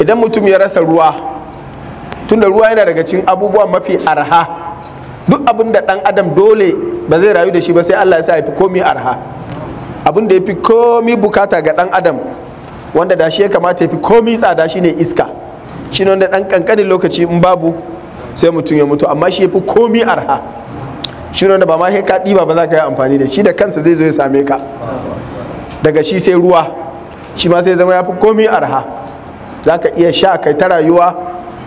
idan mutum ya rasa ruwa tunda ruwa yana daga cikin abubuwa mafi arha duk abin da dan adam dole ba zai rayu da shi ba sai allah ya sa ya fi komi arha abin da ya fi komi bukata ga dan adam wanda da shi ya kamata ya fi komi tsada shine iska shi wanda dan kankanin lokaci in babu sai mutum ya mutu amma shi ya fi komi arha shi wanda ba ma sai ka diba ba za ka yi amfani da shi da kansa zai zo ya same ka daga shi sai ruwa shi ma sai zama ya fi komi arha za ka iya sha kai ta rayuwa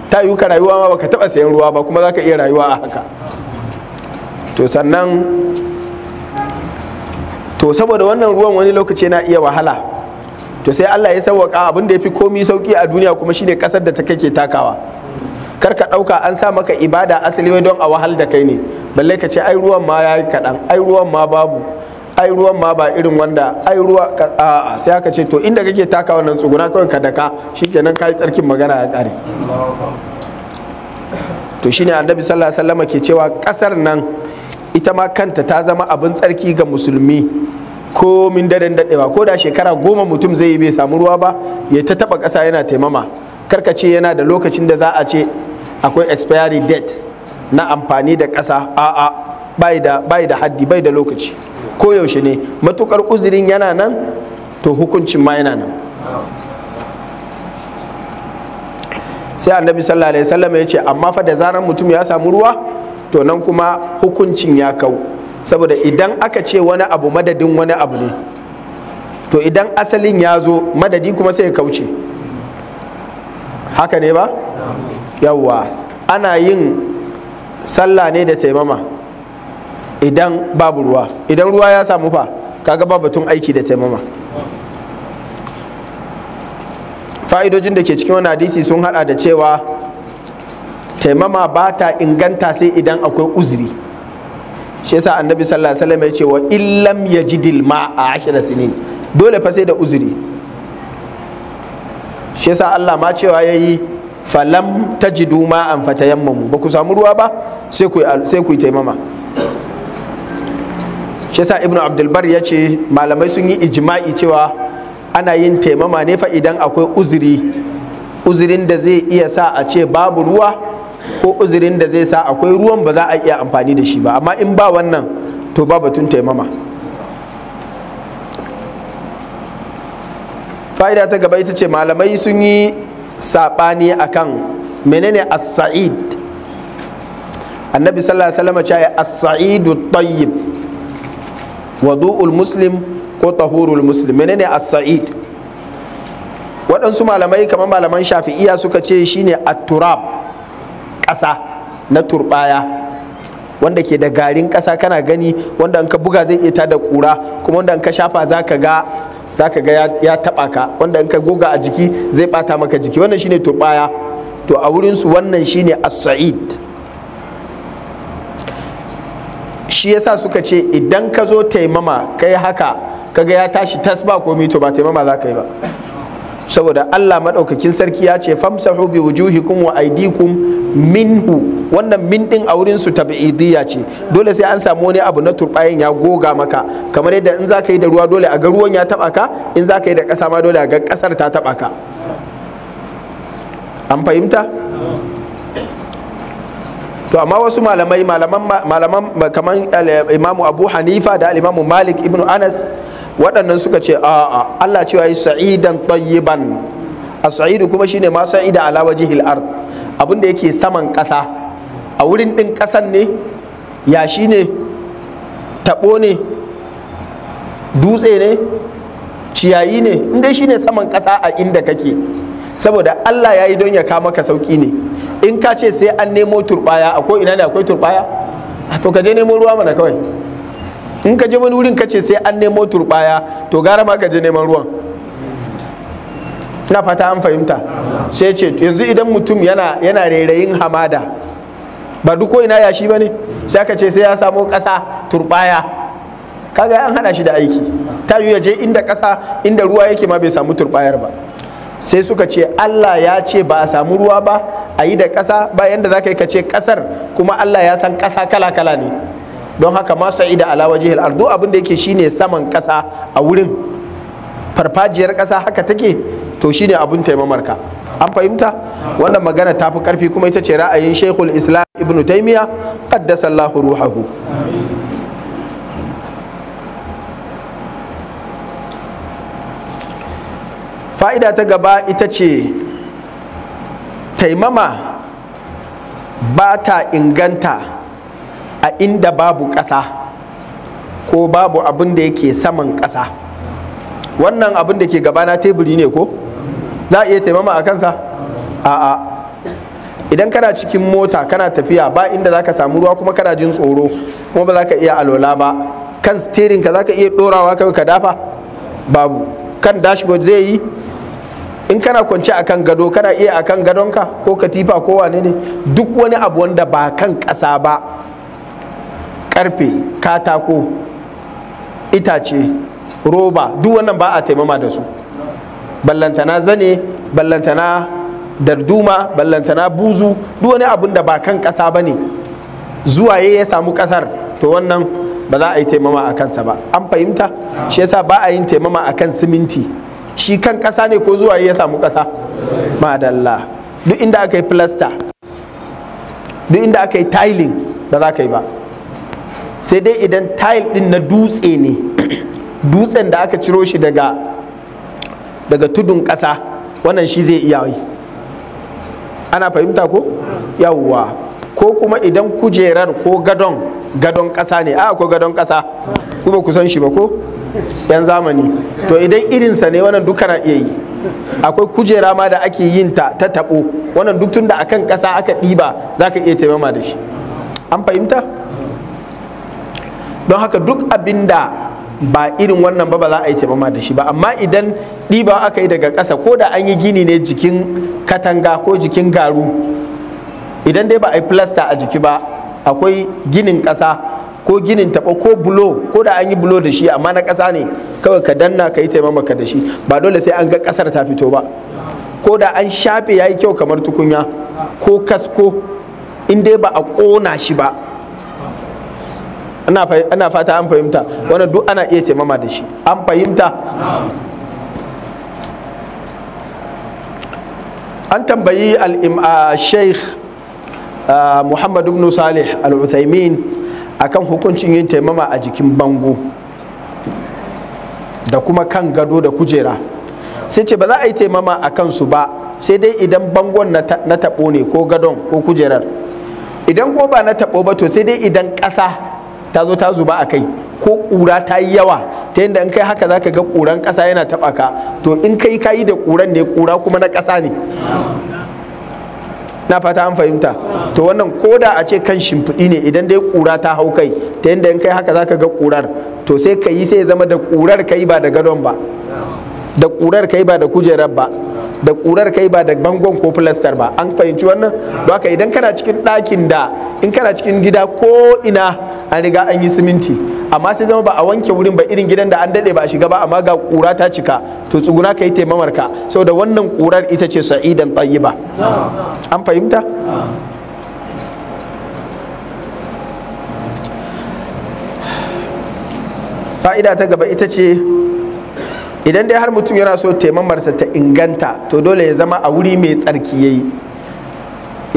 ta yi ka rayuwa ma baka taba sayan ruwa ba kuma za ka iya rayuwa a haka to sannan to saboda wannan ruwan wani lokaci yana iya wahala to sai Allah ya sauwaka abin da ya fi komi sauki a duniya kuma shi ne kasar da ta kake takawa kar ka ɗauka an sa maka ibada asali don a wahal da kai ne balle ka ce ai ruwan ma ya yi kaɗan ai ruwan ma babu ai ruwan ma ba irin wanda ai ruwa a'a sai aka ce to inda kake taka wannan tsuguna kawai ka daka shikenan kai tsarkin magana ya kare to shine annabi sallallahu alaihi wasallam ke cewa kasar nan ita ma kanta ta zama abin tsarki ga musulmi ko min daren dadewa ko da shekara goma mutum zai yi bai samu ruwa ba ya ta taba kasa yana taimama karkace yana da lokacin da za a ce akwai expiry date na amfani da kasa a'a bai da haddi bai da lokaci koyaushe ne matukar uzurin yana nan to hukuncin ma yana nan sai annabi sallallahu alaihi wasallam ya ce amma fa da zarar mutum ya samu ruwa to nan kuma hukuncin ya kau saboda idan aka ce wani abu madadin wani abu ne to idan asalin ya zo madadi kuma sai ya kauce haka ne ba yawwa ana yin sallah ne da taimama idan babu ruwa idan ruwa ya samu fa kaga babu tun aiki da taimama fa'idojin da ke cikin wani hadisi sun hada da cewa taimama ba ta inganta sai idan akwai uzuri shi yasa annabi sallallahu alaihi wasallam ya ce wa illam yajidil ma'a ashira sinin dole fa sai da uzuri shi yasa Allah ma cewa yayi falam tajidu ma'an fatayammu ba ku samu ruwa ba sai ku sai ku taimama shi yasa ibnu abdulbar ya ce malamai sun yi ijma'i cewa ana yin taimama ne fa idan akwai uzuri uzurin da zai iya sa a ce babu ruwa ko uzurin da zai sa akwai ruwan ba za a iya amfani da shi ba amma in ba wannan to ba batun taimama fa'ida ta gaba ita ce malamai sun yi saɓani akan menene as-sa'id annabi sallallahu alaihi wasallam ya as-sa'idu tayyib wadu'ul muslim ko tahurul muslim menene as-sa'id waɗansu malamai kamar malaman shafi'iya suka ce shine at-turab ƙasa na turbaya wanda ke da garin ƙasa kana gani wanda in ka buga zai iya tada ƙura kuma wanda in ka shafa za ka ga za ga ya taɓa ka wanda in ka goga a jiki zai ɓata maka jiki wannan shine turbaya to a wurinsu wannan shine as-sa'id shi yasa suka ce idan ka zo taimama kai haka kaga ya tashi tas ba komai to ba taimama za ka yi ba saboda Allah maɗaukakin sarki ya ce famsahu wujuhi wujuhikum wa aydikum minhu wannan min din a wurin su tab'idiyya ce dole sai an samu wani abu na turbayin ya goga maka kamar yadda in zaka yi da ruwa dole a ga ruwan ya taba ka in zaka yi da ƙasa ma dole a ga ƙasar ta taba ka an fahimta to amma wasu malamai malaman kamar eh, Imam abu hanifa da imamu malik ibn anas waɗannan suka ce a'a allah cewa yi sa'idan tayyiban a sa'idu kuma shine ma sa'ida ala wajihil ard abin da yake saman ƙasa a wurin ɗin ƙasan ne ya ne taɓo ne dutse ne ciyayi ne inda shine saman ƙasa a inda kake saboda allah ya yi don ya kama ka sauki ne in ka ce sai an nemo turbaya ko ina ne akwai turbaya to ka je nemo ruwa mana kawai in ka je wani wurin ka ce sai an nemo turbaya to gara ma ka je neman ruwan na fata an fahimta sai ce yanzu idan mutum yana yana rairayin hamada ba duk ko ina yashi ba ne sai ka ce sai ya samo ƙasa turbaya kaga an hada shi da aiki ta yi je inda ƙasa inda ruwa yake ma bai samu turbayar ba sai suka ce Allah ya ce ba a samu ruwa ba a yi da ƙasa bayan da za ka yi ka ƙasar kuma Allah ya san ƙasa kala-kala ne don haka ma da ala wajihil ardu abin da yake shine saman ƙasa a wurin farfajiyar ƙasa haka take to shine abin taimamarka an fahimta wannan magana ta fi ƙarfi kuma ita ce ra'ayin shaikhul islam ibn taimiya qaddasa allahu ruhahu fa'ida ta gaba ita ce taimama ba ta inganta a inda babu ƙasa ko babu abin da yake saman ƙasa wannan abin da ke gabana teburi ne ko za a iya taimama a kansa a'a idan kana cikin mota kana tafiya ba inda za ka samu ruwa kuma kana jin tsoro kuma ba za ka iya alola ba kan steering ka za ka iya ɗorawa kawai ka dafa babu kan dashboard zai yi in kana kwance akan gado kana iya a akan gadonka ko katifa ko wane ne duk wani abu wanda ba kan ƙasa ba karfe katako itace roba duk wannan ba a taimama da su ballantana zane ballantana darduma ballantana buzu duk wani abun da ba kan ƙasa ba ne zuwa ya samu ƙasar to wannan ba za a yi taimama a kansa ba an fahimta shi yasa ba a yin taimama a kan siminti shi kan ƙasa ne ko zuwa ya samu ƙasa madalla duk inda aka yi filasta duk inda aka yi tiling da za ka yi ba sai dai idan tile din na dutse ne dutsen da aka ciro shi daga tudun ƙasa wannan shi zai iya ana fahimta ko yawwa ko kuma idan kujerar ko gadon gadon kasa ne a ko gadon ƙasa kuma kusan shi ba ko yan zamani to idan irinsa ne wannan duka na iya yi akwai kujera ma da ake yin ta ta taɓo wannan duk tun da akan kasa aka ɗiba za ka iya taimama da shi an fahimta don haka duk abinda da ba irin wannan ba ba za a yi taimama da shi ba amma idan ɗiba aka yi daga ƙasa ko da an yi gini ne jikin katanga ko jikin garu idan dai ba a yi plasta a jiki ba akwai ginin ƙasa ko ginin taɓa ko bulo ko da an yi bulo da shi amma na ƙasa ne kawai ka danna ka yi taimamaka da shi ba dole sai an ga ƙasar ta fito ba ko da an shafe ya yi kyau kamar tukunya ko kasko in dai ba a ƙona shi ba ana fata an fahimta wannan duk ana iya taimama da shi an fahimta an tambayi a sheikh Ah, Muhammadu ibn salih al-uthaymin akan hukuncin yin taimama a jikin bango da kuma kan gado da kujera sai ce ba za a yi taimama a kansu ba sai dai idan bangon na taɓo ne ko gadon ko kujerar idan ko ba na taɓo ba to sai dai idan ƙasa ta zo ta zuba a kai ko ƙura ta yi yawa ta yadda in kai haka za ka ga ƙuran ƙasa yana taɓa ka to in kai kayi da ƙuran ne ƙura kuma na ƙasa ne na fata an fahimta to wannan koda a ce kan shimfiɗi ne idan dai ƙura ta hau kai ta yadda in kai haka za ka ga ƙurar to sai ka yi sai ya zama da ƙurar ka yi ba da gadon ba da ƙurar ka yi ba da kujerar ba da ƙurar ka yi ba da bangon ko filastar ba an fahimci wannan don haka idan kana cikin ɗakin da in kana cikin gida ko ina an riga an yi siminti amma sai zama ba a wanke wurin ba irin gidan da an dade ba a shiga ba amma ga kura ta cika to tsuguna ka yi taimamar ka saboda wannan kurar ita ce sa'idan tayyiba an fahimta fa'ida ta gaba ita ce idan dai har mutum yana so taimamarsa ta inganta to dole ya zama a wuri mai tsarki yayi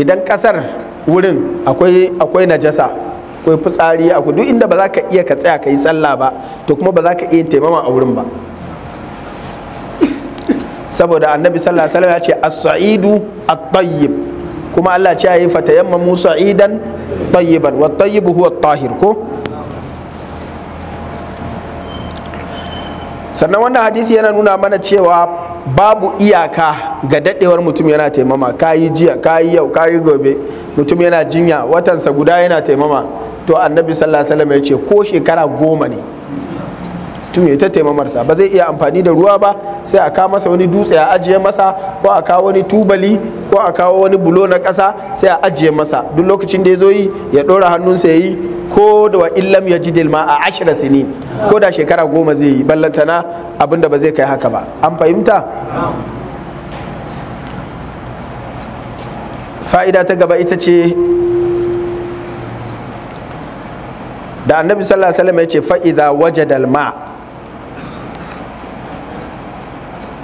idan kasar wurin akwai najasa akwai fitsari a duk inda ba za ka iya ka tsaya ka yi sallah ba to kuma ba za ka iya taimama a wurin ba saboda annabi sallallahu alaihi wasallam ya ce as-sa'idu at-tayyib kuma Allah ce yayi fatayammamu sa'idan tayyiban wa tayyibu huwa at-tahir ko sannan wannan hadisi yana nuna mana cewa babu iyaka ga dadewar mutum yana taimama kayi jiya kayi yau kayi gobe mutum yana jinya watansa guda yana taimama to annabi sallallahu alaihi wasallam ya ce ko shekara goma ne tun ya ta taimamarsa ba zai iya amfani da ruwa ba sai a kawo masa wani dutse a ajiye masa ko a kawo wani tubali ko a kawo wani bulo na ƙasa sai a ajiye masa duk lokacin da ya zo yi ya ɗora hannunsa ya yi ko da wa illam ya ji dilma a ashira sini ko da shekara goma zai yi ballantana abin da ba zai kai haka ba an fahimta fa'ida ta gaba ita ce da annabi sallallahu alaihi wasallam ya ce fa'iza wajadal ma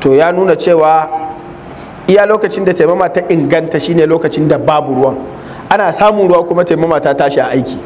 to ya nuna cewa iya lokacin da taimama ta inganta shine lokacin da babu ruwan ana samun ruwa kuma taimama ta tashi a aiki